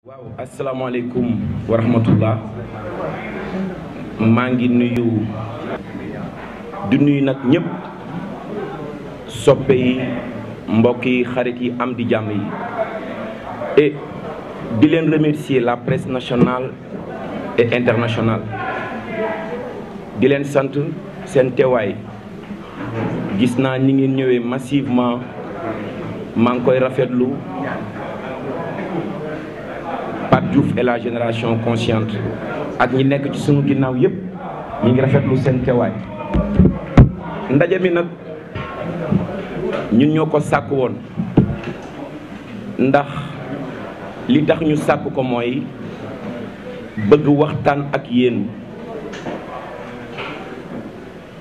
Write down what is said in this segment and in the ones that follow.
waaw asalaamaaleykum wa rahmatullah maa ngi nuyu di nuyu nag ñëpp soppe yi mbokk yi xarit yi am di jàmm yi et di leen remercier la presse nationale et internationale di leen sant seen teewaay gis naa ñi ngeen ñëwee massivement maa ngi koy rafetlu Pape Diouf et la génération consciente ak ñi nekk ci suñu ginnaaw yëpp mu ngi rafetlu seen teewaay ndaje mi nag ñu ñoo ko sàkk woon ndax li tax ñu sàkk ko mooy bëgg waxtaan ak yéen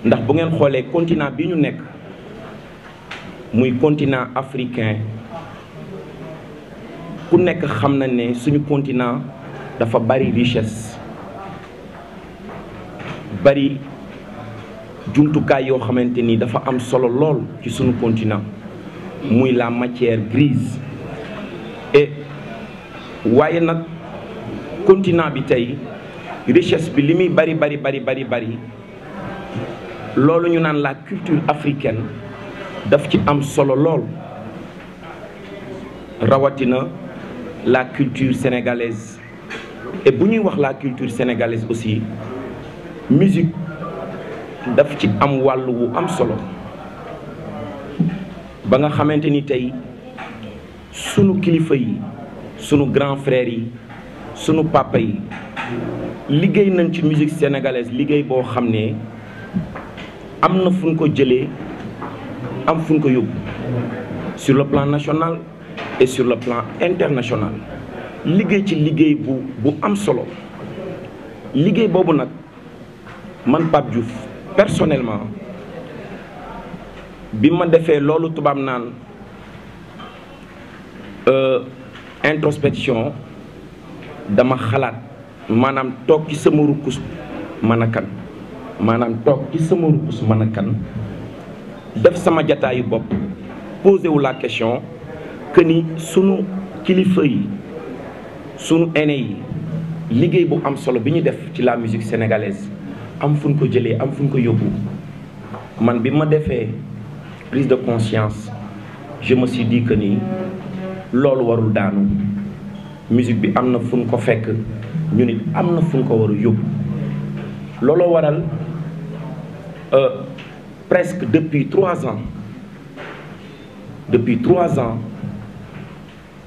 ndax bu ngeen xoolee continent bi ñu nekk muy continent africain ku nekk xam na ne suñu continent dafa bari richesse bari jumtukaay yoo xamante ni dafa am solo lool ci suñu continent muy la matière grise et waaye nag continent bi tey riches bi li muy bari bari bari bari bari loolu ñu naan la culture africaine daf ci am solo lool rawatina la culture sénégalaise et si nous la culture sénégalaise aussi musique daf ci am walu wu am solo ba nga sunu yi sunu grand frère yi sunu papa yi musique sénégalaise est bo xamné am am sur le plan national et sur le plan international liggéey ci liggéey bu bu am solo liggéey boobu nag man Pape Diouf personnellement bi ma defee loolu tubaab Euh, introspection dama Khalat. Manam toog ci sama manakan, manam a kan maanaam toog ci sama def sama jataayu bopp posé wu la question que ni sunu kilifa yi sunu bu am solo def ci la musique sénégalaise am am man prise de conscience je me suis dit que ni lolu warul daanu musique bi am fuñ euh, presque depuis trois ans depuis trois ans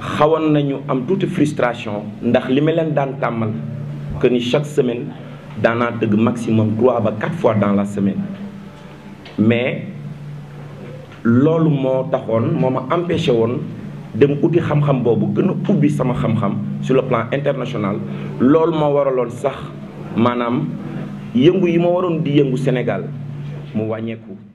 xawoon nañu am tuuti frustration ndax li ma leen daan tàmmal que ni chaque semaine daanaa tëgg maximum trois ba quatre fois dans la semaine mais loolu moo taxoon moo ma empêché woon dem uti xam-xam boobu gën a ubbi sama xam-xam sur le plan international loolu moo waraloon sax maanaam yëngu yi ma waroon di yëngu Sénégal mu wàññeeku.